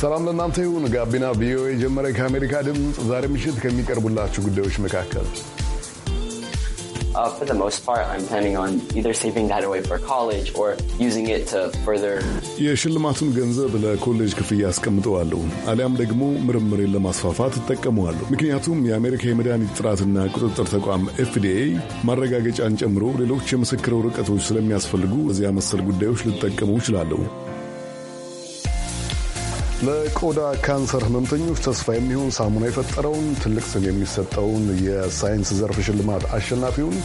ሰላም ለእናንተ ይሁን። ጋቢና ቪኦኤ ጀመረ። ከአሜሪካ ድምፅ ዛሬ ምሽት ከሚቀርቡላችሁ ጉዳዮች መካከል uh, የሽልማቱን ገንዘብ ለኮሌጅ ክፍያ አስቀምጠዋለሁ አሊያም ደግሞ ምርምሬን ለማስፋፋት እጠቀመዋለሁ። ምክንያቱም የአሜሪካ የመድኃኒት ጥራትና ቁጥጥር ተቋም ኤፍዲኤ ማረጋገጫን ጨምሮ ሌሎች የምስክር ወረቀቶች ስለሚያስፈልጉ እዚያ መሰል ጉዳዮች ልጠቀሙ ይችላለሁ። ለቆዳ ካንሰር ህመምተኞች ተስፋ የሚሆን ሳሙና የፈጠረውን ትልቅ ስም የሚሰጠውን የሳይንስ ዘርፍ ሽልማት አሸናፊውን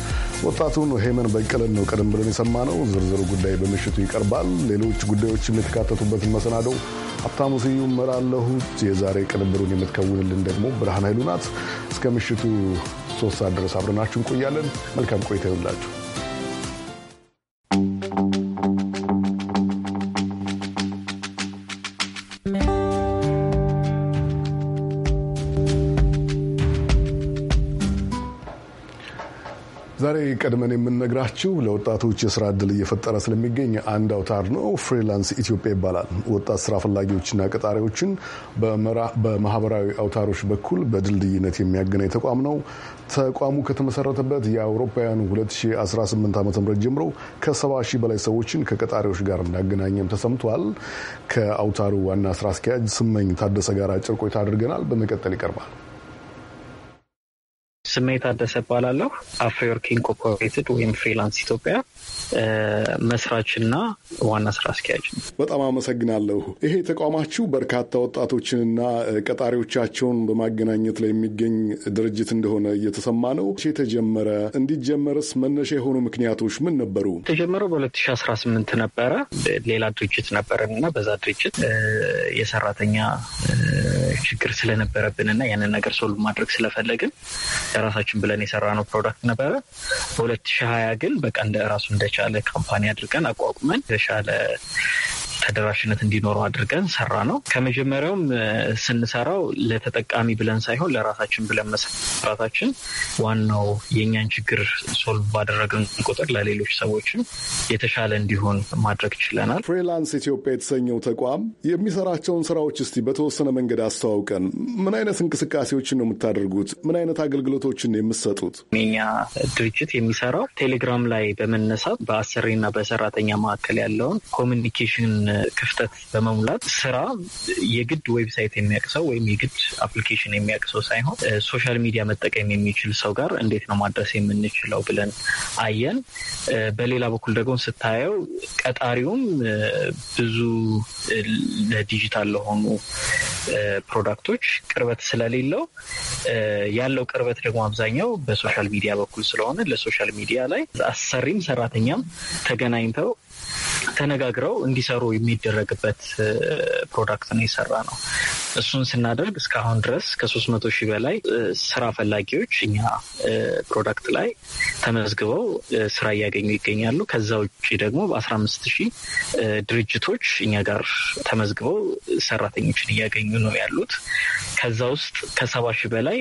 ወጣቱን ሄመን በቀለን ነው ቀደም ብለን የሰማነው። ዝርዝሩ ጉዳይ በምሽቱ ይቀርባል። ሌሎች ጉዳዮችም የተካተቱበትን መሰናደው ሀብታሙ ስዩም እመራለሁ። የዛሬ ቅንብሩን የምትከውንልን ደግሞ ብርሃን ኃይሉ ናት። እስከ ምሽቱ ሶስት ሰዓት ድረስ አብረናችሁ እንቆያለን። መልካም ቆይታ ይሁንላችሁ። ቀድመን የምንነግራችሁ ለወጣቶች የስራ እድል እየፈጠረ ስለሚገኝ አንድ አውታር ነው። ፍሪላንስ ኢትዮጵያ ይባላል። ወጣት ስራ ፈላጊዎችና ቀጣሪዎችን በማህበራዊ አውታሮች በኩል በድልድይነት የሚያገናኝ ተቋም ነው። ተቋሙ ከተመሰረተበት የአውሮፓውያኑ 2018 ዓ ም ጀምሮ ከ70 ሺህ በላይ ሰዎችን ከቀጣሪዎች ጋር እንዳገናኘም ተሰምቷል። ከአውታሩ ዋና ስራ አስኪያጅ ስመኝ ታደሰ ጋር አጭር ቆይታ አድርገናል። በመቀጠል ይቀርባል። ስሜት አደሰ እባላለሁ። አፍሪወርክ ኢንኮርፖሬትድ ወይም ፍሪላንስ ኢትዮጵያ መስራችና ዋና ስራ አስኪያጅ ነው። በጣም አመሰግናለሁ። ይሄ ተቋማችሁ በርካታ ወጣቶችንና ቀጣሪዎቻቸውን በማገናኘት ላይ የሚገኝ ድርጅት እንደሆነ እየተሰማ ነው። የተጀመረ እንዲጀመርስ መነሻ የሆኑ ምክንያቶች ምን ነበሩ? የተጀመረው በ2018 ነበረ። ሌላ ድርጅት ነበረን እና በዛ ድርጅት የሰራተኛ ችግር ስለነበረብን እና ያንን ነገር ሶልቭ ማድረግ ስለፈለግን ለራሳችን ብለን የሰራነው ፕሮዳክት ነበረ። በሁለት ሺህ ሀያ ግን በቃ እንደ ራሱ እንደቻለ ካምፓኒ አድርገን አቋቁመን የተሻለ ተደራሽነት እንዲኖረው አድርገን ሰራ ነው። ከመጀመሪያውም ስንሰራው ለተጠቃሚ ብለን ሳይሆን ለራሳችን ብለን መሰራታችን ዋናው የእኛን ችግር ሶልቭ ባደረግን ቁጥር ለሌሎች ሰዎችም የተሻለ እንዲሆን ማድረግ ችለናል። ፍሪላንስ ኢትዮጵያ የተሰኘው ተቋም የሚሰራቸውን ስራዎች እስቲ በተወሰነ መንገድ አስተዋውቀን። ምን አይነት እንቅስቃሴዎችን ነው የምታደርጉት? ምን አይነት አገልግሎቶችን የምትሰጡት? የኛ ድርጅት የሚሰራው ቴሌግራም ላይ በመነሳት በአሰሪና በሰራተኛ መካከል ያለውን ኮሚኒኬሽን ክፍተት በመሙላት ስራ የግድ ዌብሳይት የሚያውቅ ሰው ወይም የግድ አፕሊኬሽን የሚያውቅ ሰው ሳይሆን ሶሻል ሚዲያ መጠቀም የሚችል ሰው ጋር እንዴት ነው ማድረስ የምንችለው ብለን አየን። በሌላ በኩል ደግሞ ስታየው ቀጣሪውም ብዙ ለዲጂታል ለሆኑ ፕሮዳክቶች ቅርበት ስለሌለው ያለው ቅርበት ደግሞ አብዛኛው በሶሻል ሚዲያ በኩል ስለሆነ ለሶሻል ሚዲያ ላይ አሰሪም ሰራተኛም ተገናኝተው ተነጋግረው እንዲሰሩ የሚደረግበት ፕሮዳክት ነው የሰራ ነው። እሱን ስናደርግ እስካሁን ድረስ ከሶስት መቶ ሺህ በላይ ስራ ፈላጊዎች እኛ ፕሮዳክት ላይ ተመዝግበው ስራ እያገኙ ይገኛሉ። ከዛ ውጭ ደግሞ በአስራ አምስት ሺህ ድርጅቶች እኛ ጋር ተመዝግበው ሰራተኞችን እያገኙ ነው ያሉት። ከዛ ውስጥ ከሰባ ሺህ በላይ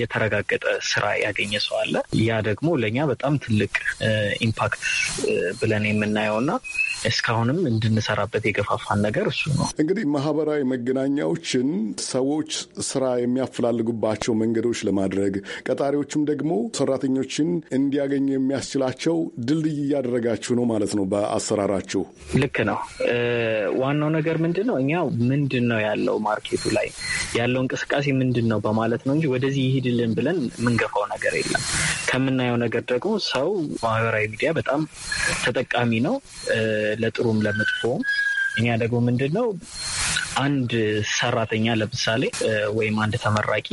የተረጋገጠ ስራ ያገኘ ሰው አለ። ያ ደግሞ ለእኛ በጣም ትልቅ ኢምፓክት ብለን የምናየውና እስካሁንም እንድንሰራበት የገፋፋን ነገር እሱ ነው። እንግዲህ ማህበራዊ መገናኛዎችን ሰዎች ስራ የሚያፈላልጉባቸው መንገዶች ለማድረግ ቀጣሪዎችም ደግሞ ሰራተኞችን እንዲያገኙ የሚያስችላቸው ድልድይ እያደረጋችሁ ነው ማለት ነው። በአሰራራችሁ ልክ ነው። ዋናው ነገር ምንድን ነው? እኛ ምንድን ነው ያለው ማርኬቱ ላይ ያለው እንቅስቃሴ ምንድን ነው በማለት ነው እንጂ ወደዚህ ይሄድልን ብለን የምንገፋው ነገር የለም። ከምናየው ነገር ደግሞ ሰው ማህበራዊ ሚዲያ በጣም ተጠቃሚ ነው። ለጥሩም ለመጥፎም። እኛ ደግሞ ምንድን ነው አንድ ሰራተኛ ለምሳሌ ወይም አንድ ተመራቂ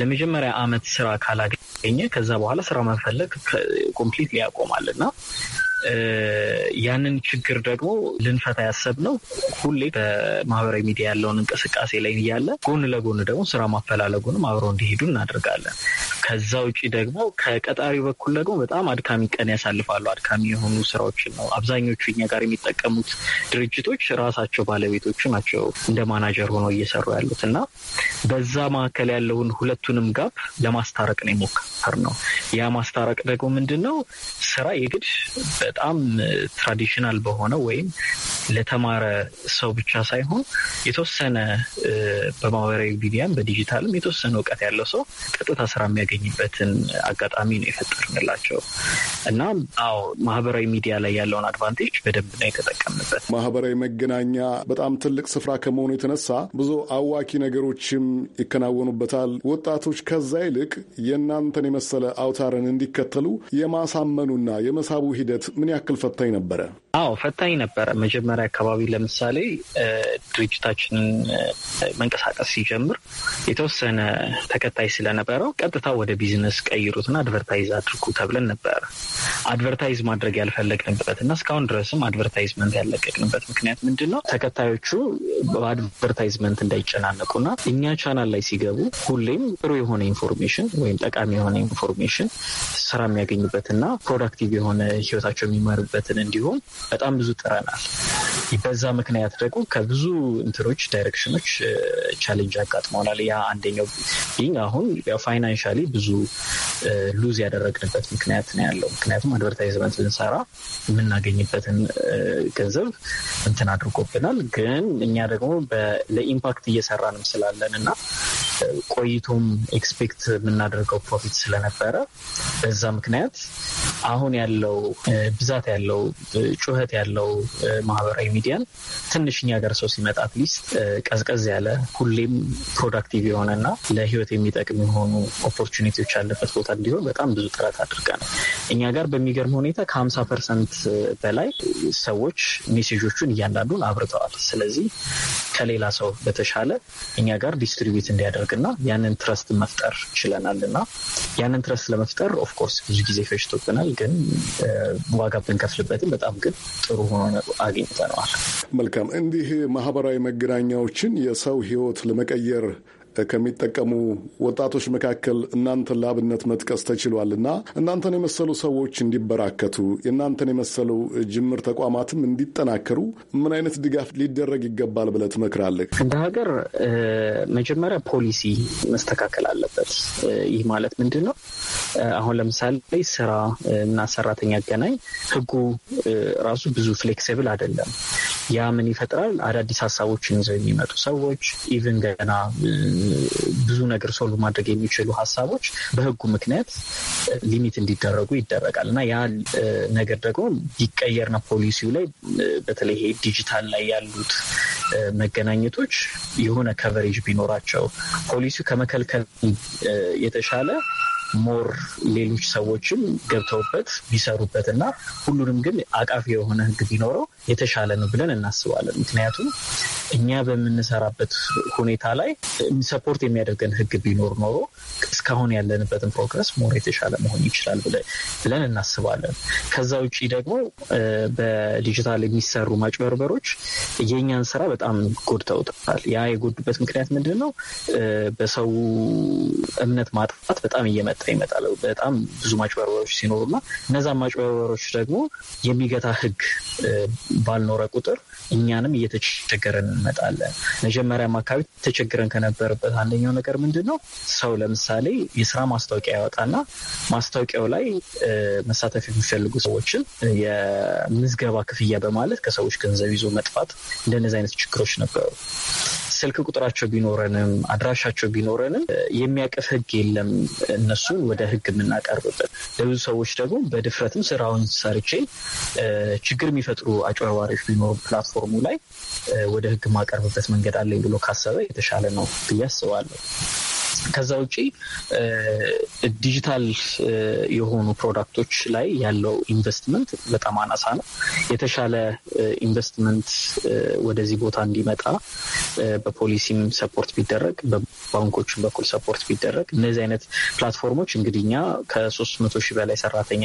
ለመጀመሪያ አመት ስራ ካላገኘ ከዛ በኋላ ስራ መፈለግ ኮምፕሊት ሊያቆማል እና ያንን ችግር ደግሞ ልንፈታ ያሰብነው ሁሌ በማህበራዊ ሚዲያ ያለውን እንቅስቃሴ ላይ እያለ ጎን ለጎን ደግሞ ስራ ማፈላለጉንም አብረው እንዲሄዱ እናደርጋለን። ከዛ ውጭ ደግሞ ከቀጣሪ በኩል ደግሞ በጣም አድካሚ ቀን ያሳልፋሉ። አድካሚ የሆኑ ስራዎችን ነው አብዛኞቹ እኛ ጋር የሚጠቀሙት ድርጅቶች ራሳቸው ባለቤቶቹ ናቸው እንደ ማናጀር ሆነው እየሰሩ ያሉት እና በዛ መካከል ያለውን ሁለቱንም ጋፕ ለማስታረቅ ነው የሞከር ነው። ያ ማስታረቅ ደግሞ ምንድን ነው ስራ የግድ በጣም ትራዲሽናል በሆነ ወይም ለተማረ ሰው ብቻ ሳይሆን የተወሰነ በማህበራዊ ሚዲያም በዲጂታልም የተወሰነ እውቀት ያለው ሰው ቀጥታ ስራ የሚያገኝ የሚገኝበትን አጋጣሚ ነው የፈጠርንላቸው እና አዎ ማህበራዊ ሚዲያ ላይ ያለውን አድቫንቴጅ በደንብ ነው የተጠቀምበት። ማህበራዊ መገናኛ በጣም ትልቅ ስፍራ ከመሆኑ የተነሳ ብዙ አዋኪ ነገሮችም ይከናወኑበታል። ወጣቶች ከዛ ይልቅ የእናንተን የመሰለ አውታርን እንዲከተሉ የማሳመኑና የመሳቡ ሂደት ምን ያክል ፈታኝ ነበረ? አዎ ፈታኝ ነበረ። መጀመሪያ አካባቢ ለምሳሌ ድርጅታችንን መንቀሳቀስ ሲጀምር የተወሰነ ተከታይ ስለነበረው ቀጥታ ወደ ቢዝነስ ቀይሩትና አድቨርታይዝ አድርጉ ተብለን ነበረ። አድቨርታይዝ ማድረግ ያልፈለግንበት እና እስካሁን ድረስም አድቨርታይዝመንት ያለቀቅንበት ምክንያት ምንድን ነው? ተከታዮቹ በአድቨርታይዝመንት እንዳይጨናነቁና እኛ ቻናል ላይ ሲገቡ ሁሌም ጥሩ የሆነ ኢንፎርሜሽን ወይም ጠቃሚ የሆነ ኢንፎርሜሽን ስራ የሚያገኙበትና ፕሮዳክቲቭ የሆነ ህይወታቸው የሚመሩበትን እንዲሁም በጣም ብዙ ጥረናል። በዛ ምክንያት ደግሞ ከብዙ እንትኖች ዳይሬክሽኖች ቻሌንጅ አጋጥመውናል። ያ አንደኛው ቢኝ አሁን ፋይናንሻሊ ብዙ ሉዝ ያደረግንበት ምክንያት ነው ያለው። ምክንያቱም አድቨርታይዝመንት ብንሰራ የምናገኝበትን ገንዘብ እንትን አድርጎብናል። ግን እኛ ደግሞ ለኢምፓክት እየሰራንም ስላለን እና ቆይቶም ኤክስፔክት የምናደርገው ፕሮፊት ስለነበረ በዛ ምክንያት አሁን ያለው ብዛት ያለው ጩኸት ያለው ማህበራዊ ሚዲያን ትንሽ እኛ ጋር ሰው ሲመጣ አትሊስት ቀዝቀዝ ያለ ሁሌም ፕሮዳክቲቭ የሆነና ለህይወት የሚጠቅም የሆኑ ኦፖርቹኒቲዎች ያለበት ቦታ እንዲሆን በጣም ብዙ ጥረት አድርገናል። እኛ ጋር በሚገርም ሁኔታ ከሀምሳ ፐርሰንት በላይ ሰዎች ሜሴጆቹን እያንዳንዱን አብርተዋል። ስለዚህ ከሌላ ሰው በተሻለ እኛ ጋር ዲስትሪቢዩት እንዲያደርግ መጠበቅና ያንን ትረስት መፍጠር ችለናል እና ያንን ትረስት ለመፍጠር ኦፍኮርስ ብዙ ጊዜ ፈጅቶብናል፣ ግን ዋጋ ብንከፍልበትም በጣም ግን ጥሩ ሆኖ አግኝተነዋል። መልካም። እንዲህ ማህበራዊ መገናኛዎችን የሰው ህይወት ለመቀየር ከሚጠቀሙ ወጣቶች መካከል እናንተን ለአብነት መጥቀስ ተችሏል እና እናንተን የመሰሉ ሰዎች እንዲበራከቱ የእናንተን የመሰሉ ጅምር ተቋማትም እንዲጠናከሩ ምን አይነት ድጋፍ ሊደረግ ይገባል ብለህ ትመክራለህ? እንደ ሀገር መጀመሪያ ፖሊሲ መስተካከል አለበት። ይህ ማለት ምንድን ነው? አሁን ለምሳሌ ስራ እና ሰራተኛ ገናኝ ህጉ ራሱ ብዙ ፍሌክሲብል አይደለም። ያ ምን ይፈጥራል? አዳዲስ ሀሳቦችን ይዘው የሚመጡ ሰዎች ኢቭን ገና ብዙ ነገር ሶልቭ ማድረግ የሚችሉ ሀሳቦች በህጉ ምክንያት ሊሚት እንዲደረጉ ይደረጋል እና ያ ነገር ደግሞ ነው ፖሊሲው ላይ በተለይ ዲጂታል ላይ ያሉት መገናኘቶች የሆነ ከቨሬጅ ቢኖራቸው ፖሊሲው ከመከልከል የተሻለ ሞር ሌሎች ሰዎችም ገብተውበት ቢሰሩበት እና ሁሉንም ግን አቃፊ የሆነ ህግ ቢኖረው የተሻለ ነው ብለን እናስባለን። ምክንያቱም እኛ በምንሰራበት ሁኔታ ላይ ሰፖርት የሚያደርገን ህግ ቢኖር ኖሮ እስካሁን ያለንበትን ፕሮግረስ ሞር የተሻለ መሆን ይችላል ብለን እናስባለን። ከዛ ውጭ ደግሞ በዲጂታል የሚሰሩ ማጭበርበሮች የእኛን ስራ በጣም ጎድተውታል። ያ የጎዱበት ምክንያት ምንድን ነው? በሰው እምነት ማጥፋት በጣም እየመጣ እየመጣ ይመጣል። በጣም ብዙ ማጭበርበሮች ሲኖሩና እነዛ ማጭበርበሮች ደግሞ የሚገታ ህግ ባልኖረ ቁጥር እኛንም እየተቸገረን እንመጣለን። መጀመሪያም አካባቢ ተቸግረን ከነበረበት አንደኛው ነገር ምንድን ነው? ሰው ለምሳሌ የስራ ማስታወቂያ ያወጣና ማስታወቂያው ላይ መሳተፍ የሚፈልጉ ሰዎችን የምዝገባ ክፍያ በማለት ከሰዎች ገንዘብ ይዞ መጥፋት፣ እንደነዚህ አይነት ችግሮች ነበሩ። ስልክ ቁጥራቸው ቢኖረንም አድራሻቸው ቢኖረንም የሚያቅፍ ህግ የለም እነሱን ወደ ህግ የምናቀርብበት። ለብዙ ሰዎች ደግሞ በድፍረትም ስራውን ሰርቼ ችግር የሚፈጥሩ አጭበርባሪዎች ቢኖሩ ፕላትፎርሙ ላይ ወደ ህግ ማቀርብበት መንገድ አለኝ ብሎ ካሰበ የተሻለ ነው ብዬ አስባለሁ። ከዛ ውጪ ዲጂታል የሆኑ ፕሮዳክቶች ላይ ያለው ኢንቨስትመንት በጣም አናሳ ነው። የተሻለ ኢንቨስትመንት ወደዚህ ቦታ እንዲመጣ በፖሊሲም ሰፖርት ቢደረግ፣ በባንኮችም በኩል ሰፖርት ቢደረግ እነዚህ አይነት ፕላትፎርሞች እንግዲህ እኛ ከሶስት መቶ ሺህ በላይ ሰራተኛ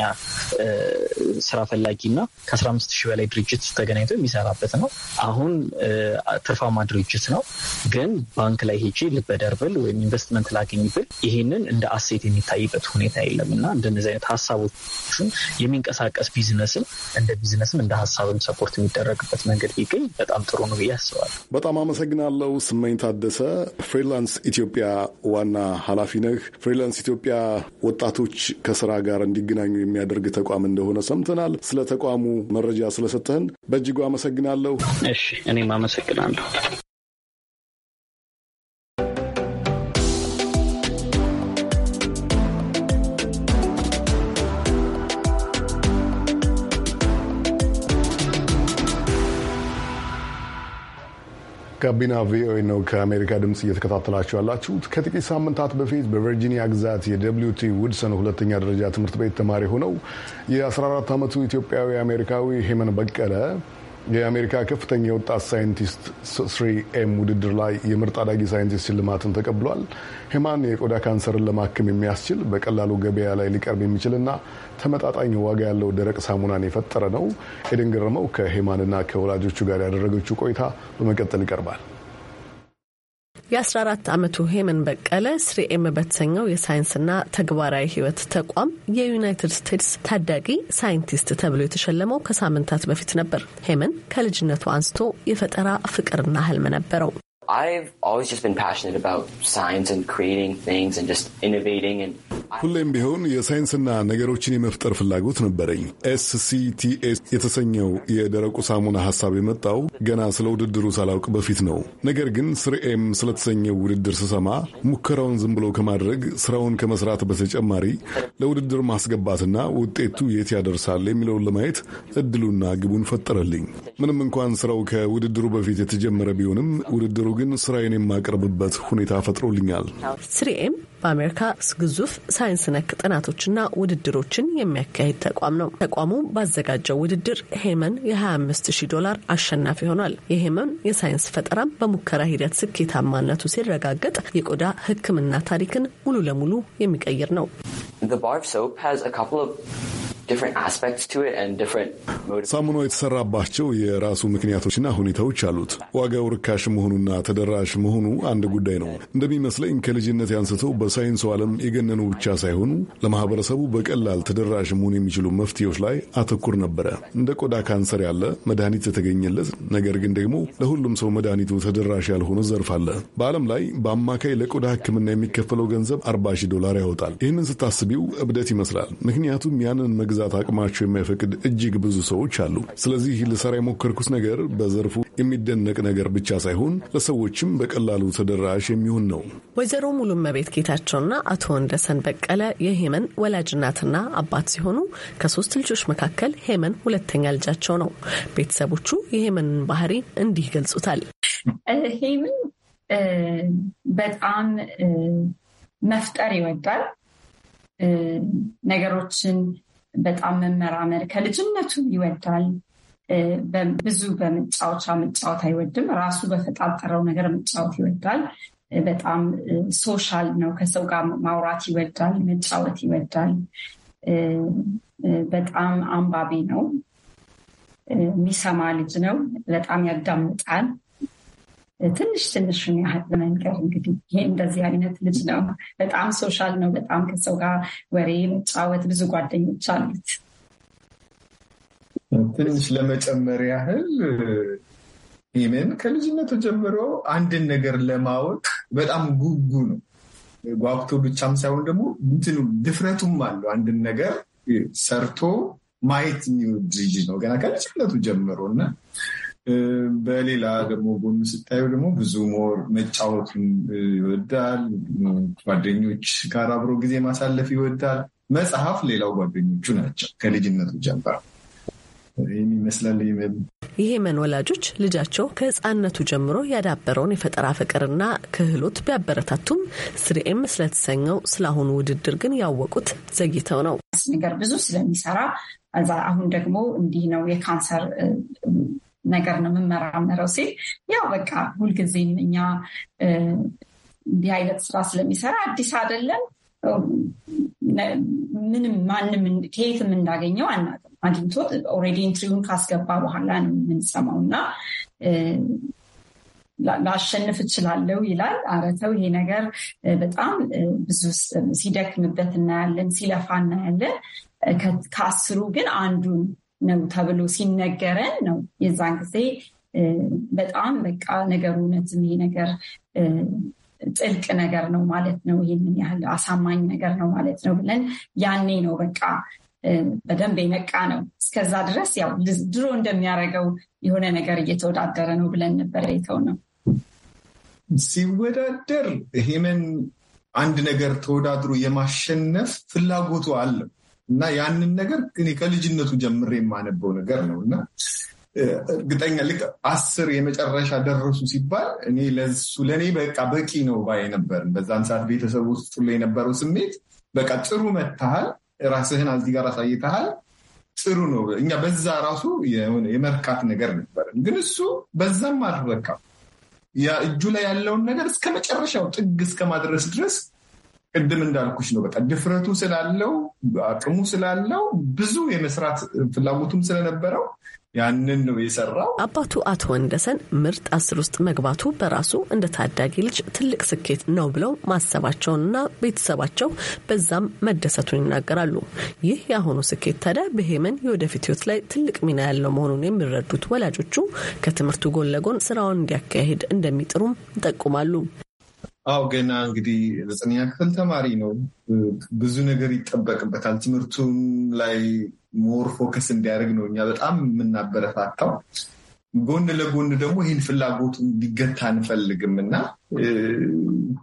ስራ ፈላጊ እና ከአስራ አምስት ሺህ በላይ ድርጅት ተገናኝቶ የሚሰራበት ነው። አሁን ትርፋማ ድርጅት ነው፣ ግን ባንክ ላይ ሄጄ ልበደርብል ወይም ኢንቨስትመንት ፐርሰንት ላገኝ ብል ይሄንን እንደ አሴት የሚታይበት ሁኔታ የለም እና እንደነዚህ አይነት ሀሳቦችን የሚንቀሳቀስ ቢዝነስም እንደ ቢዝነስም እንደ ሀሳብም ሰፖርት የሚደረግበት መንገድ ቢገኝ በጣም ጥሩ ነው ብዬ አስባለሁ። በጣም አመሰግናለሁ። ስመኝ ታደሰ ፍሪላንስ ኢትዮጵያ ዋና ኃላፊ ነህ። ፍሪላንስ ኢትዮጵያ ወጣቶች ከስራ ጋር እንዲገናኙ የሚያደርግ ተቋም እንደሆነ ሰምተናል። ስለ ተቋሙ መረጃ ስለሰጠህን በእጅጉ አመሰግናለሁ። እሺ፣ እኔም አመሰግናለሁ። ጋቢና ቪኦኤ ነው ከአሜሪካ ድምፅ እየተከታተላችሁ ያላችሁት። ከጥቂት ሳምንታት በፊት በቨርጂኒያ ግዛት የደብሊዩቲ ውድሰን ሁለተኛ ደረጃ ትምህርት ቤት ተማሪ ሆነው የ14 ዓመቱ ኢትዮጵያዊ አሜሪካዊ ሄመን በቀለ የአሜሪካ ከፍተኛ የወጣት ሳይንቲስት ስሪ ኤም ውድድር ላይ የምርጥ አዳጊ ሳይንቲስት ሽልማትን ተቀብሏል። ሄማን የቆዳ ካንሰርን ለማከም የሚያስችል በቀላሉ ገበያ ላይ ሊቀርብ የሚችልና ተመጣጣኝ ዋጋ ያለው ደረቅ ሳሙናን የፈጠረ ነው። ኤደን ገረመው ከሄማንና ከወላጆቹ ጋር ያደረገችው ቆይታ በመቀጠል ይቀርባል። የ14 ዓመቱ ሄመን በቀለ ስሪኤም በተሰኘው የሳይንስና ተግባራዊ ህይወት ተቋም የዩናይትድ ስቴትስ ታዳጊ ሳይንቲስት ተብሎ የተሸለመው ከሳምንታት በፊት ነበር። ሄመን ከልጅነቱ አንስቶ የፈጠራ ፍቅርና ህልም ነበረው። I've always just been passionate about science and creating things and just innovating and ሁሌም ቢሆን የሳይንስና ነገሮችን የመፍጠር ፍላጎት ነበረኝ። ኤስሲቲኤስ የተሰኘው የደረቁ ሳሙና ሀሳብ የመጣው ገና ስለ ውድድሩ ሳላውቅ በፊት ነው። ነገር ግን ስርኤም ስለተሰኘው ውድድር ስሰማ ሙከራውን ዝም ብሎ ከማድረግ ስራውን ከመስራት በተጨማሪ ለውድድር ማስገባትና ውጤቱ የት ያደርሳል የሚለውን ለማየት እድሉና ግቡን ፈጠረልኝ። ምንም እንኳን ስራው ከውድድሩ በፊት የተጀመረ ቢሆንም ውድድሩ ግን ስራዬን የማቀርብበት ሁኔታ ፈጥሮልኛል። ስርኤም በአሜሪካ ግዙፍ ሳይንስ ነክ ጥናቶችና ውድድሮችን የሚያካሄድ ተቋም ነው። ተቋሙ ባዘጋጀው ውድድር ሄመን የ25 ሺህ ዶላር አሸናፊ ሆኗል። የሄመን የሳይንስ ፈጠራም በሙከራ ሂደት ስኬታማነቱ ሲረጋገጥ የቆዳ ሕክምና ታሪክን ሙሉ ለሙሉ የሚቀይር ነው። ሳሙናው የተሰራባቸው የራሱ ምክንያቶችና ሁኔታዎች አሉት። ዋጋው ርካሽ መሆኑና ተደራሽ መሆኑ አንድ ጉዳይ ነው። እንደሚመስለኝ ከልጅነት ያንስተው በሳይንሱ ዓለም የገነኑ ብቻ ሳይሆኑ ለማህበረሰቡ በቀላል ተደራሽ መሆኑ የሚችሉ መፍትሄዎች ላይ አተኩር ነበረ። እንደ ቆዳ ካንሰር ያለ መድኃኒት የተገኘለት ነገር ግን ደግሞ ለሁሉም ሰው መድኃኒቱ ተደራሽ ያልሆነ ዘርፍ አለ። በዓለም ላይ በአማካይ ለቆዳ ሕክምና የሚከፈለው ገንዘብ 40 ሺህ ዶላር ያወጣል። ይህንን ስታስቢው እብደት ይመስላል። ምክንያቱም ያንን መግ የመግዛት አቅማቸው የማይፈቅድ እጅግ ብዙ ሰዎች አሉ። ስለዚህ ልሰራ የሞከርኩት ነገር በዘርፉ የሚደነቅ ነገር ብቻ ሳይሆን ለሰዎችም በቀላሉ ተደራሽ የሚሆን ነው። ወይዘሮ ሙሉ መቤት ጌታቸውና አቶ ወንደሰን በቀለ የሄመን ወላጅናትና አባት ሲሆኑ ከሶስት ልጆች መካከል ሄመን ሁለተኛ ልጃቸው ነው። ቤተሰቦቹ የሄመንን ባህሪ እንዲህ ይገልጹታል። ሄመን በጣም መፍጠር ይወዳል ነገሮችን በጣም መመራመር ከልጅነቱ ይወዳል። ብዙ በመጫወቻ መጫወት አይወድም። ራሱ በፈጣጠረው ነገር መጫወት ይወዳል። በጣም ሶሻል ነው። ከሰው ጋር ማውራት ይወዳል፣ መጫወት ይወዳል። በጣም አንባቢ ነው። የሚሰማ ልጅ ነው። በጣም ያዳምጣል። ትንሽ ትንሹን ያህል በመንገር እንግዲህ ይሄ እንደዚህ አይነት ልጅ ነው። በጣም ሶሻል ነው። በጣም ከሰው ጋር ወሬ መጫወት፣ ብዙ ጓደኞች አሉት። ትንሽ ለመጨመር ያህል ይህምን ከልጅነቱ ጀምሮ አንድን ነገር ለማወቅ በጣም ጉጉ ነው። ጓጉቶ ብቻም ሳይሆን ደግሞ እንትኑ ድፍረቱም አለው። አንድን ነገር ሰርቶ ማየት የሚወድ ልጅ ነው ገና ከልጅነቱ ጀምሮ እና በሌላ ደግሞ ጎን ስታዩ ደግሞ ብዙ ሞር መጫወቱን ይወዳል። ጓደኞች ጋር አብሮ ጊዜ ማሳለፍ ይወዳል። መጽሐፍ ሌላው ጓደኞቹ ናቸው ከልጅነቱ ጀምሮ ይህን ይመስላል። ወላጆች ልጃቸው ከህፃነቱ ጀምሮ ያዳበረውን የፈጠራ ፍቅርና ክህሎት ቢያበረታቱም ስሪኤም ስለተሰኘው ስለአሁኑ ውድድር ግን ያወቁት ዘግይተው ነው። ነገር ብዙ ስለሚሰራ አሁን ደግሞ እንዲህ ነው የካንሰር ነገር ነው የምመራመረው ሲል ያው በቃ ሁልጊዜም እኛ እንዲህ አይነት ስራ ስለሚሰራ አዲስ አይደለም። ምንም ማንም ከየትም እንዳገኘው አናውቅም። አግኝቶ ኦልሬዲ ኢንትሪውን ካስገባ በኋላ ነው የምንሰማው እና ላሸንፍ እችላለሁ ይላል። አረተው ይሄ ነገር በጣም ብዙ ሲደክምበት እናያለን፣ ሲለፋ እናያለን። ከአስሩ ግን አንዱን ነው ተብሎ ሲነገረን ነው የዛን ጊዜ በጣም በቃ ነገሩ እውነትም ይሄ ነገር ጥልቅ ነገር ነው ማለት ነው፣ ይህንን ያህል አሳማኝ ነገር ነው ማለት ነው ብለን ያኔ ነው በቃ በደንብ የነቃ ነው። እስከዛ ድረስ ያው ድሮ እንደሚያደርገው የሆነ ነገር እየተወዳደረ ነው ብለን ነበረ የተው ነው ሲወዳደር ሄመን አንድ ነገር ተወዳድሮ የማሸነፍ ፍላጎቱ አለው። እና ያንን ነገር እኔ ከልጅነቱ ጀምሬ የማነበው ነገር ነው እና እርግጠኛ ልክ አስር የመጨረሻ ደረሱ ሲባል እኔ ለሱ ለእኔ በቃ በቂ ነው ባይ ነበር። በዛን ሰዓት ቤተሰብ ውስጥ ላይ የነበረው ስሜት በቃ ጥሩ መታሃል፣ ራስህን አዚ ጋር አሳይተሃል፣ ጥሩ ነው። እኛ በዛ ራሱ የመርካት ነገር ነበር። ግን እሱ በዛም አልረካም። እጁ ላይ ያለውን ነገር እስከ መጨረሻው ጥግ እስከ ማድረስ ድረስ ቅድም እንዳልኩሽ ነው። በቃ ድፍረቱ ስላለው አቅሙ ስላለው ብዙ የመስራት ፍላጎቱም ስለነበረው ያንን ነው የሰራው። አባቱ አቶ ወንደሰን ምርጥ አስር ውስጥ መግባቱ በራሱ እንደ ታዳጊ ልጅ ትልቅ ስኬት ነው ብለው ማሰባቸውንና ቤተሰባቸው በዛም መደሰቱን ይናገራሉ። ይህ የአሁኑ ስኬት ታዲያ በሄመን የወደፊት ሕይወት ላይ ትልቅ ሚና ያለው መሆኑን የሚረዱት ወላጆቹ ከትምህርቱ ጎን ለጎን ስራውን እንዲያካሄድ እንደሚጥሩም ይጠቁማሉ። አው ገና እንግዲህ ዘጠነኛ ክፍል ተማሪ ነው። ብዙ ነገር ይጠበቅበታል። ትምህርቱን ላይ ሞር ፎከስ እንዲያደርግ ነው እኛ በጣም የምናበረታታው። ጎን ለጎን ደግሞ ይህን ፍላጎቱ እንዲገታ አንፈልግም እና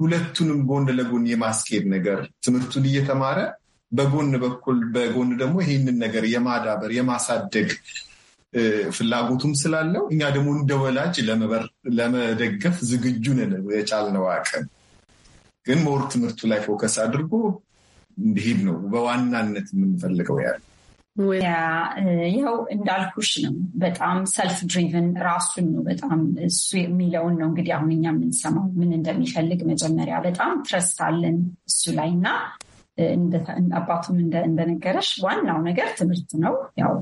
ሁለቱንም ጎን ለጎን የማስኬድ ነገር ትምህርቱን እየተማረ በጎን በኩል በጎን ደግሞ ይህንን ነገር የማዳበር የማሳደግ ፍላጎቱም ስላለው እኛ ደግሞ እንደ ወላጅ ለመደገፍ ዝግጁ ነን። የቻልነው አቅም ግን ሞር ትምህርቱ ላይ ፎከስ አድርጎ እንዲሄድ ነው በዋናነት የምንፈልገው ያለ ያው እንዳልኩሽ ነው። በጣም ሰልፍ ድሪቨን ራሱን ነው በጣም እሱ የሚለውን ነው እንግዲህ አሁን እኛ የምንሰማው ምን እንደሚፈልግ መጀመሪያ በጣም ትረስት አለን እሱ ላይ እና አባቱም እንደነገረሽ ዋናው ነገር ትምህርት ነው ያው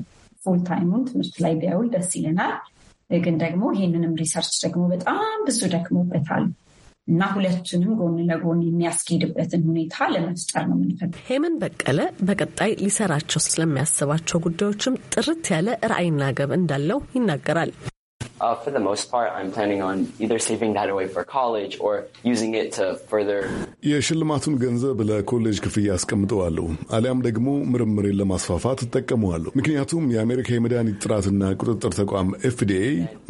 ፉል ታይሙን ትምህርት ላይ ቢያውል ደስ ይለናል። ግን ደግሞ ይህንንም ሪሰርች ደግሞ በጣም ብዙ ደክሞበታል እና ሁለቱንም ጎን ለጎን የሚያስኬድበትን ሁኔታ ለመፍጠር ነው የምንፈልገው። ሄመን በቀለ በቀጣይ ሊሰራቸው ስለሚያስባቸው ጉዳዮችም ጥርት ያለ ራዕይና ገብ እንዳለው ይናገራል። Uh, for the most part, I'm planning on either saving that away for college or using it to further. የሽልማቱን ገንዘብ ለኮሌጅ ክፍያ አስቀምጠዋለሁ አሊያም ደግሞ ምርምሬን ለማስፋፋት እጠቀመዋለሁ። ምክንያቱም የአሜሪካ የመድኃኒት ጥራትና ቁጥጥር ተቋም ኤፍዲኤ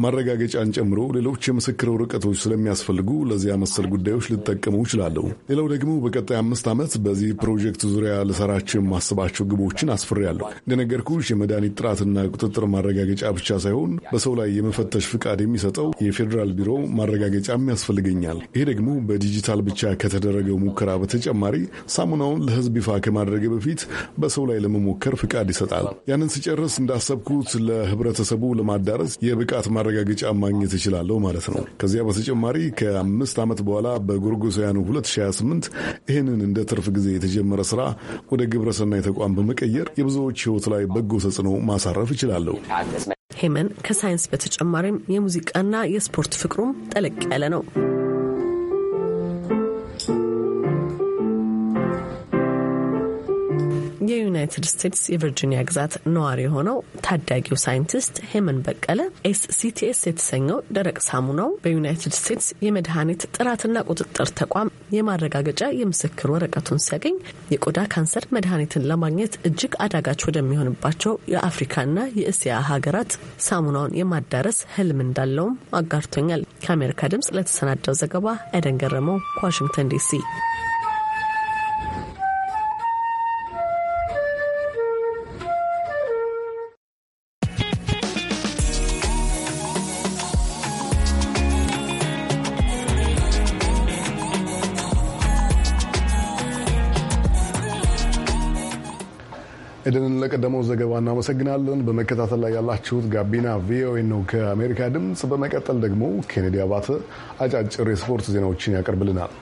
ማረጋገጫን ጨምሮ ሌሎች የምስክር ወረቀቶች ስለሚያስፈልጉ ለዚያ መሰል ጉዳዮች ልጠቀመው እችላለሁ። ሌላው ደግሞ በቀጣይ አምስት ዓመት በዚህ ፕሮጀክት ዙሪያ ልሰራቸው የማስባቸው ግቦችን አስፍሬያለሁ። እንደነገርኩሽ የመድኃኒት ጥራትና ቁጥጥር ማረጋገጫ ብቻ ሳይሆን በሰው ላይ የመፈተ የመፈተሽ ፍቃድ የሚሰጠው የፌዴራል ቢሮ ማረጋገጫም ያስፈልገኛል። ይሄ ደግሞ በዲጂታል ብቻ ከተደረገው ሙከራ በተጨማሪ ሳሙናውን ለሕዝብ ይፋ ከማድረግ በፊት በሰው ላይ ለመሞከር ፍቃድ ይሰጣል። ያንን ስጨርስ እንዳሰብኩት ለህብረተሰቡ ለማዳረስ የብቃት ማረጋገጫ ማግኘት እችላለሁ ማለት ነው። ከዚያ በተጨማሪ ከአምስት ዓመት በኋላ በጎርጎሳውያኑ 2028 ይህንን እንደ ትርፍ ጊዜ የተጀመረ ስራ ወደ ግብረሰናይ ተቋም በመቀየር የብዙዎች ህይወት ላይ በጎ ተጽዕኖ ማሳረፍ እችላለሁ። ሄመን ከሳይንስ በተጨማሪም የሙዚቃና የስፖርት ፍቅሩም ጠለቅ ያለ ነው። የዩናይትድ ስቴትስ የቨርጂኒያ ግዛት ነዋሪ የሆነው ታዳጊው ሳይንቲስት ሄመን በቀለ ኤስሲቲኤስ የተሰኘው ደረቅ ሳሙናው በዩናይትድ ስቴትስ የመድኃኒት ጥራትና ቁጥጥር ተቋም የማረጋገጫ የምስክር ወረቀቱን ሲያገኝ የቆዳ ካንሰር መድኃኒትን ለማግኘት እጅግ አዳጋች ወደሚሆንባቸው የአፍሪካና የእስያ ሀገራት ሳሙናውን የማዳረስ ህልም እንዳለውም አጋርቶኛል። ከአሜሪካ ድምጽ ለተሰናዳው ዘገባ ኤደን ገረመው ከዋሽንግተን ዲሲ ለቀደመው ዘገባ እናመሰግናለን። በመከታተል ላይ ያላችሁት ጋቢና ቪኦኤ ነው ከአሜሪካ ድምፅ። በመቀጠል ደግሞ ኬኔዲ አባተ አጫጭር የስፖርት ዜናዎችን ያቀርብልናል።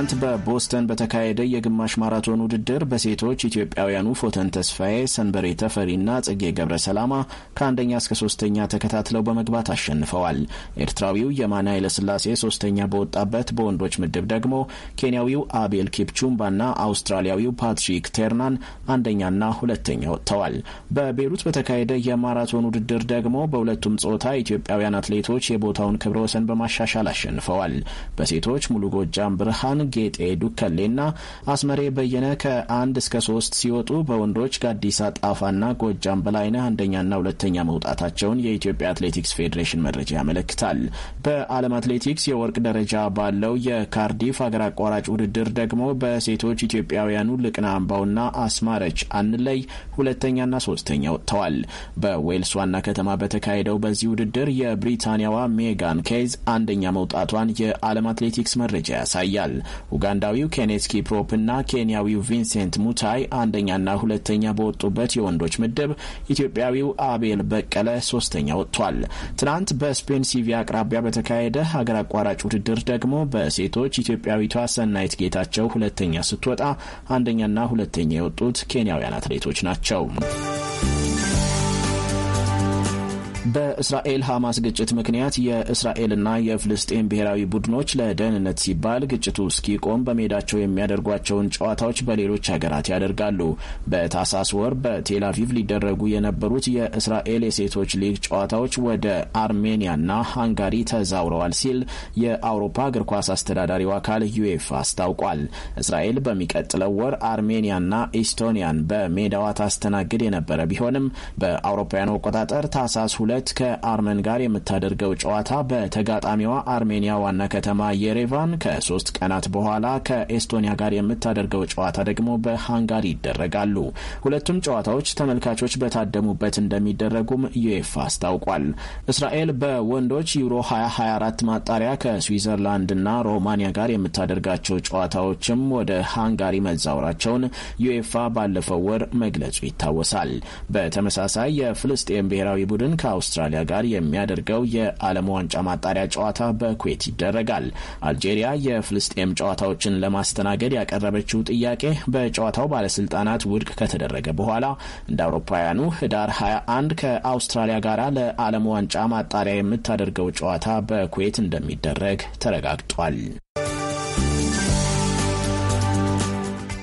ትናንት በቦስተን በተካሄደ የግማሽ ማራቶን ውድድር በሴቶች ኢትዮጵያውያኑ ፎተን ተስፋዬ፣ ሰንበሬ ተፈሪና ጽጌ ገብረ ሰላማ ከአንደኛ እስከ ሶስተኛ ተከታትለው በመግባት አሸንፈዋል። ኤርትራዊው የማነ ኃይለስላሴ ሶስተኛ በወጣበት በወንዶች ምድብ ደግሞ ኬንያዊው አቤል ኪፕቹምባና አውስትራሊያዊው ፓትሪክ ቴርናን አንደኛና ሁለተኛ ወጥተዋል። በቤሩት በተካሄደ የማራቶን ውድድር ደግሞ በሁለቱም ጾታ ኢትዮጵያውያን አትሌቶች የቦታውን ክብረ ወሰን በማሻሻል አሸንፈዋል። በሴቶች ሙሉ ጎጃም ብርሃን ጌጤ ዱከሌና አስመሬ በየነ ከአንድ እስከ ሶስት ሲወጡ በወንዶች ጋዲሳ ጣፋና ጎጃም በላይነህ አንደኛና ሁለተኛ መውጣታቸውን የኢትዮጵያ አትሌቲክስ ፌዴሬሽን መረጃ ያመለክታል። በዓለም አትሌቲክስ የወርቅ ደረጃ ባለው የካርዲፍ አገር አቋራጭ ውድድር ደግሞ በሴቶች ኢትዮጵያውያኑ ልቅና አምባውና አስማረች አንለይ ሁለተኛና ሶስተኛ ወጥተዋል። በዌልስ ዋና ከተማ በተካሄደው በዚህ ውድድር የብሪታንያዋ ሜጋን ኬዝ አንደኛ መውጣቷን የዓለም አትሌቲክስ መረጃ ያሳያል። ኡጋንዳዊው ኬኔት ኪፕሮፕ እና ኬንያዊው ቪንሴንት ሙታይ አንደኛና ሁለተኛ በወጡበት የወንዶች ምድብ ኢትዮጵያዊው አቤል በቀለ ሶስተኛ ወጥቷል። ትናንት በስፔን ሲቪ አቅራቢያ በተካሄደ ሀገር አቋራጭ ውድድር ደግሞ በሴቶች ኢትዮጵያዊቷ ሰናይት ጌታቸው ሁለተኛ ስትወጣ አንደኛና ሁለተኛ የወጡት ኬንያውያን አትሌቶች ናቸው። በእስራኤል ሐማስ ግጭት ምክንያት የእስራኤልና የፍልስጤን ብሔራዊ ቡድኖች ለደህንነት ሲባል ግጭቱ እስኪቆም በሜዳቸው የሚያደርጓቸውን ጨዋታዎች በሌሎች ሀገራት ያደርጋሉ። በታሳስ ወር በቴላቪቭ ሊደረጉ የነበሩት የእስራኤል የሴቶች ሊግ ጨዋታዎች ወደ አርሜኒያና ሃንጋሪ ተዛውረዋል ሲል የአውሮፓ እግር ኳስ አስተዳዳሪው አካል ዩኤፋ አስታውቋል። እስራኤል በሚቀጥለው ወር አርሜኒያና ኢስቶኒያን በሜዳዋ ታስተናግድ የነበረ ቢሆንም በአውሮፓውያኑ አቆጣጠር ታሳስ ሁለት ዕለት ከአርመን ጋር የምታደርገው ጨዋታ በተጋጣሚዋ አርሜኒያ ዋና ከተማ የሬቫን፣ ከሶስት ቀናት በኋላ ከኤስቶኒያ ጋር የምታደርገው ጨዋታ ደግሞ በሃንጋሪ ይደረጋሉ። ሁለቱም ጨዋታዎች ተመልካቾች በታደሙበት እንደሚደረጉም ዩኤፋ አስታውቋል። እስራኤል በወንዶች ዩሮ 2024 ማጣሪያ ከስዊዘርላንድና ሮማኒያ ጋር የምታደርጋቸው ጨዋታዎችም ወደ ሃንጋሪ መዛወራቸውን ዩኤፋ ባለፈው ወር መግለጹ ይታወሳል። በተመሳሳይ የፍልስጤን ብሔራዊ ቡድን ከ ከአውስትራሊያ ጋር የሚያደርገው የዓለም ዋንጫ ማጣሪያ ጨዋታ በኩዌት ይደረጋል። አልጄሪያ የፍልስጤም ጨዋታዎችን ለማስተናገድ ያቀረበችው ጥያቄ በጨዋታው ባለስልጣናት ውድቅ ከተደረገ በኋላ እንደ አውሮፓውያኑ ህዳር 21 ከአውስትራሊያ ጋር ለዓለም ዋንጫ ማጣሪያ የምታደርገው ጨዋታ በኩዌት እንደሚደረግ ተረጋግጧል።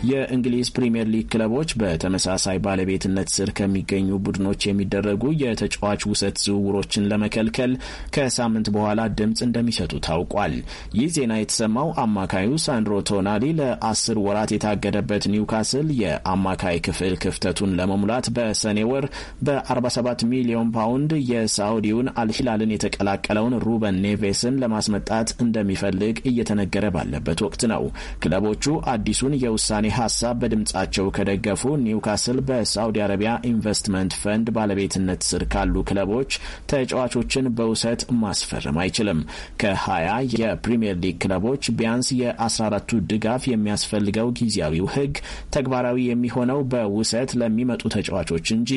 የእንግሊዝ ፕሪምየር ሊግ ክለቦች በተመሳሳይ ባለቤትነት ስር ከሚገኙ ቡድኖች የሚደረጉ የተጫዋች ውሰት ዝውውሮችን ለመከልከል ከሳምንት በኋላ ድምፅ እንደሚሰጡ ታውቋል። ይህ ዜና የተሰማው አማካዩ ሳንድሮ ቶናሊ ለአስር ወራት የታገደበት ኒውካስል የአማካይ ክፍል ክፍተቱን ለመሙላት በሰኔ ወር በ47 ሚሊዮን ፓውንድ የሳውዲውን አልሂላልን የተቀላቀለውን ሩበን ኔቬስን ለማስመጣት እንደሚፈልግ እየተነገረ ባለበት ወቅት ነው። ክለቦቹ አዲሱን የውሳኔ ሀሳብ በድምጻቸው ከደገፉ ኒውካስል በሳውዲ አረቢያ ኢንቨስትመንት ፈንድ ባለቤትነት ስር ካሉ ክለቦች ተጫዋቾችን በውሰት ማስፈረም አይችልም። ከ20 የፕሪምየር ሊግ ክለቦች ቢያንስ የ14ቱ ድጋፍ የሚያስፈልገው ጊዜያዊው ህግ ተግባራዊ የሚሆነው በውሰት ለሚመጡ ተጫዋቾች እንጂ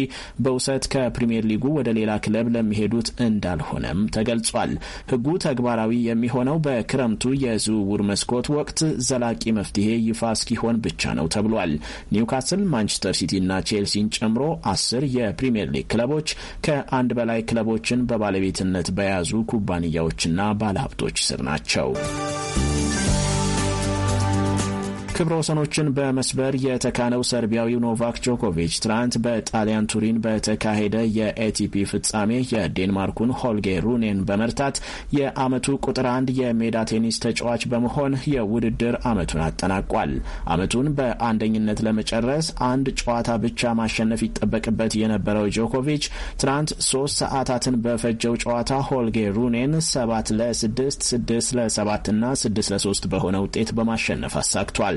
በውሰት ከፕሪምየር ሊጉ ወደ ሌላ ክለብ ለሚሄዱት እንዳልሆነም ተገልጿል። ህጉ ተግባራዊ የሚሆነው በክረምቱ የዝውውር መስኮት ወቅት ዘላቂ መፍትሄ ይፋ እስኪሆን ብቻ ነው ተብሏል። ኒውካስል፣ ማንቸስተር ሲቲና ቼልሲን ጨምሮ አስር የፕሪምየር ሊግ ክለቦች ከአንድ በላይ ክለቦችን በባለቤትነት በያዙ ኩባንያዎችና ባለሀብቶች ስር ናቸው። ክብረ ወሰኖችን በመስበር የተካነው ሰርቢያዊው ኖቫክ ጆኮቪች ትናንት በጣሊያን ቱሪን በተካሄደ የኤቲፒ ፍጻሜ የዴንማርኩን ሆልጌ ሩኔን በመርታት የዓመቱ ቁጥር አንድ የሜዳ ቴኒስ ተጫዋች በመሆን የውድድር ዓመቱን አጠናቋል። ዓመቱን በአንደኝነት ለመጨረስ አንድ ጨዋታ ብቻ ማሸነፍ ይጠበቅበት የነበረው ጆኮቪች ትናንት ሶስት ሰዓታትን በፈጀው ጨዋታ ሆልጌ ሩኔን ሰባት ለስድስት ስድስት ለሰባት ና ስድስት ለሶስት በሆነ ውጤት በማሸነፍ አሳክቷል።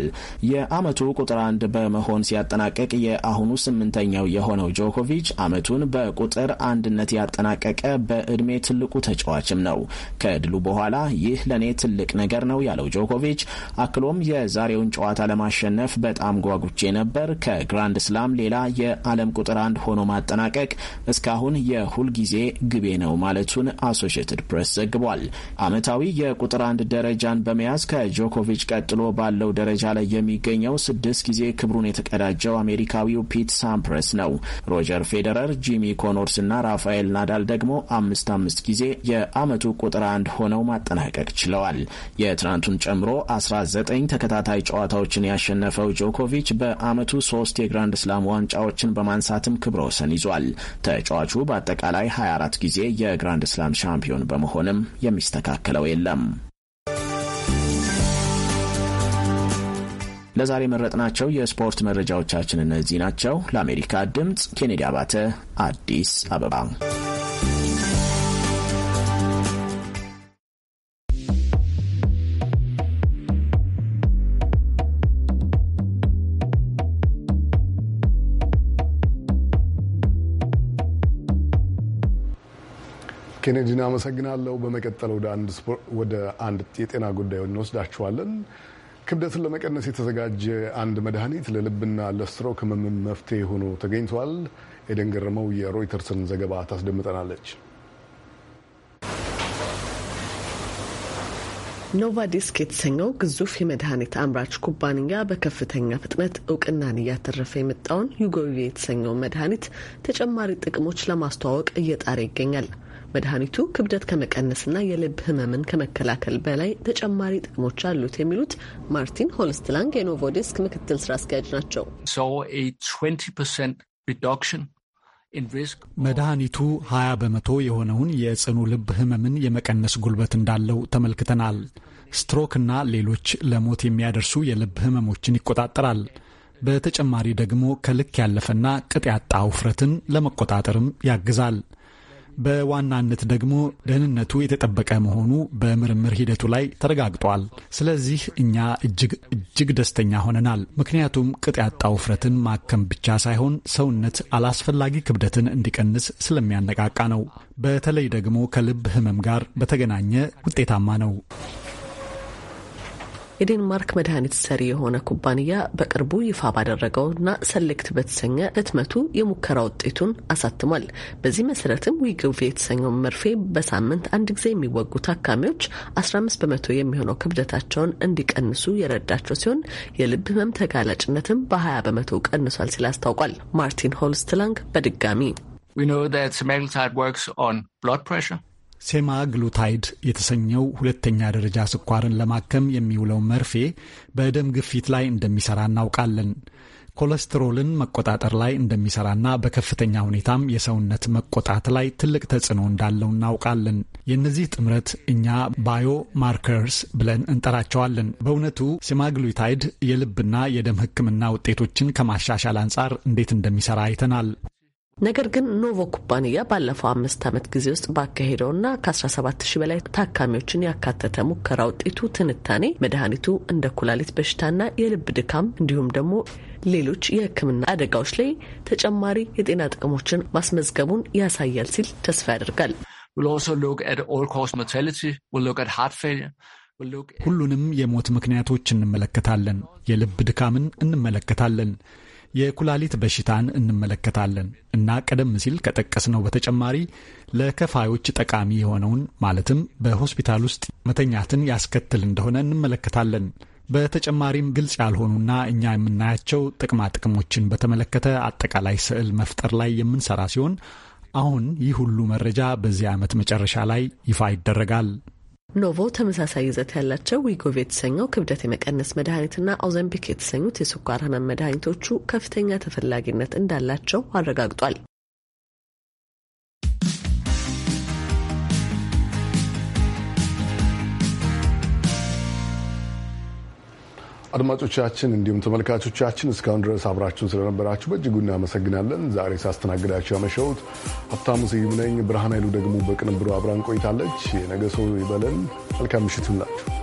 የአመቱ ቁጥር አንድ በመሆን ሲያጠናቀቅ የአሁኑ ስምንተኛው የሆነው ጆኮቪች አመቱን በቁጥር አንድነት ያጠናቀቀ በእድሜ ትልቁ ተጫዋችም ነው። ከድሉ በኋላ ይህ ለእኔ ትልቅ ነገር ነው ያለው ጆኮቪች አክሎም የዛሬውን ጨዋታ ለማሸነፍ በጣም ጓጉቼ ነበር። ከግራንድ ስላም ሌላ የዓለም ቁጥር አንድ ሆኖ ማጠናቀቅ እስካሁን የሁልጊዜ ግቤ ነው ማለቱን አሶሽትድ ፕሬስ ዘግቧል። አመታዊ የቁጥር አንድ ደረጃን በመያዝ ከጆኮቪች ቀጥሎ ባለው ደረጃ ላይ ላይ የሚገኘው ስድስት ጊዜ ክብሩን የተቀዳጀው አሜሪካዊው ፒት ሳምፕረስ ነው። ሮጀር ፌዴረር፣ ጂሚ ኮኖርስ እና ራፋኤል ናዳል ደግሞ አምስት አምስት ጊዜ የዓመቱ ቁጥር አንድ ሆነው ማጠናቀቅ ችለዋል። የትናንቱን ጨምሮ 19 ተከታታይ ጨዋታዎችን ያሸነፈው ጆኮቪች በዓመቱ ሶስት የግራንድ ስላም ዋንጫዎችን በማንሳትም ክብረ ወሰን ይዟል። ተጫዋቹ በአጠቃላይ 24 ጊዜ የግራንድ ስላም ሻምፒዮን በመሆንም የሚስተካከለው የለም። ለዛሬ የመረጥናቸው የስፖርት መረጃዎቻችን እነዚህ ናቸው። ለአሜሪካ ድምፅ ኬኔዲ አባተ፣ አዲስ አበባ። ኬኔዲን አመሰግናለሁ። በመቀጠል ወደ አንድ የጤና ጉዳይ እንወስዳችኋለን። ክብደትን ለመቀነስ የተዘጋጀ አንድ መድኃኒት ለልብና ለስትሮክ ህመም መፍትሄ ሆኖ ተገኝቷል። ኤደን ገረመው የሮይተርስን ዘገባ ታስደምጠናለች። ኖቫዲስክ የተሰኘው ግዙፍ የመድኃኒት አምራች ኩባንያ በከፍተኛ ፍጥነት እውቅናን እያተረፈ የመጣውን ዩጎቪ የተሰኘው መድኃኒት ተጨማሪ ጥቅሞች ለማስተዋወቅ እየጣረ ይገኛል። መድኃኒቱ ክብደት ከመቀነስና የልብ ህመምን ከመከላከል በላይ ተጨማሪ ጥቅሞች አሉት የሚሉት ማርቲን ሆልስትላንግ የኖቮዲስክ ምክትል ስራ አስኪያጅ ናቸው። መድኃኒቱ 20 በመቶ የሆነውን የጽኑ ልብ ህመምን የመቀነስ ጉልበት እንዳለው ተመልክተናል። ስትሮክና ሌሎች ለሞት የሚያደርሱ የልብ ህመሞችን ይቆጣጠራል። በተጨማሪ ደግሞ ከልክ ያለፈና ቅጥ ያጣ ውፍረትን ለመቆጣጠርም ያግዛል። በዋናነት ደግሞ ደህንነቱ የተጠበቀ መሆኑ በምርምር ሂደቱ ላይ ተረጋግጧል። ስለዚህ እኛ እጅግ እጅግ ደስተኛ ሆነናል። ምክንያቱም ቅጥ ያጣ ውፍረትን ማከም ብቻ ሳይሆን ሰውነት አላስፈላጊ ክብደትን እንዲቀንስ ስለሚያነቃቃ ነው። በተለይ ደግሞ ከልብ ህመም ጋር በተገናኘ ውጤታማ ነው። የዴንማርክ መድኃኒት ሰሪ የሆነ ኩባንያ በቅርቡ ይፋ ባደረገውና ሰሌክት በተሰኘ ህትመቱ የሙከራ ውጤቱን አሳትሟል። በዚህ መሰረትም ዊግቪ የተሰኘው መርፌ በሳምንት አንድ ጊዜ የሚወጉ ታካሚዎች 15 በመቶ የሚሆነው ክብደታቸውን እንዲቀንሱ የረዳቸው ሲሆን የልብ ህመም ተጋላጭነትም በ20 በመቶ ቀንሷል ሲል አስታውቋል። ማርቲን ሆልስትላንግ በድጋሚ We know that semaglutide works on blood pressure. ሴማግሉታይድ የተሰኘው ሁለተኛ ደረጃ ስኳርን ለማከም የሚውለው መርፌ በደም ግፊት ላይ እንደሚሰራ እናውቃለን። ኮለስትሮልን መቆጣጠር ላይ እንደሚሰራና በከፍተኛ ሁኔታም የሰውነት መቆጣት ላይ ትልቅ ተጽዕኖ እንዳለው እናውቃለን። የእነዚህ ጥምረት እኛ ባዮ ማርከርስ ብለን እንጠራቸዋለን። በእውነቱ ሴማግሉታይድ የልብና የደም ሕክምና ውጤቶችን ከማሻሻል አንጻር እንዴት እንደሚሰራ አይተናል። ነገር ግን ኖቮ ኩባንያ ባለፈው አምስት ዓመት ጊዜ ውስጥ ባካሄደውና ከ17 ሺ በላይ ታካሚዎችን ያካተተ ሙከራ ውጤቱ ትንታኔ መድኃኒቱ እንደ ኩላሊት በሽታና የልብ ድካም እንዲሁም ደግሞ ሌሎች የሕክምና አደጋዎች ላይ ተጨማሪ የጤና ጥቅሞችን ማስመዝገቡን ያሳያል ሲል ተስፋ ያደርጋል። ሁሉንም የሞት ምክንያቶች እንመለከታለን። የልብ ድካምን እንመለከታለን። የኩላሊት በሽታን እንመለከታለን እና ቀደም ሲል ከጠቀስነው በተጨማሪ ለከፋዮች ጠቃሚ የሆነውን ማለትም በሆስፒታል ውስጥ መተኛትን ያስከትል እንደሆነ እንመለከታለን። በተጨማሪም ግልጽ ያልሆኑና እኛ የምናያቸው ጥቅማ ጥቅሞችን በተመለከተ አጠቃላይ ስዕል መፍጠር ላይ የምንሰራ ሲሆን አሁን ይህ ሁሉ መረጃ በዚህ ዓመት መጨረሻ ላይ ይፋ ይደረጋል። ኖቮ ተመሳሳይ ይዘት ያላቸው ዊጎቭ የተሰኘው ክብደት የመቀነስ መድኃኒትና ኦዘምፒክ የተሰኙት የስኳር ህመም መድኃኒቶቹ ከፍተኛ ተፈላጊነት እንዳላቸው አረጋግጧል። አድማጮቻችን እንዲሁም ተመልካቾቻችን እስካሁን ድረስ አብራችሁን ስለነበራችሁ በእጅጉ እናመሰግናለን። ዛሬ ሳስተናግዳችሁ ያመሸሁት ሀብታሙ ስዩም ነኝ። ብርሃን ኃይሉ ደግሞ በቅንብሩ አብራን ቆይታለች። የነገ ሰው ይበለን። መልካም ምሽት ይሁንላችሁ።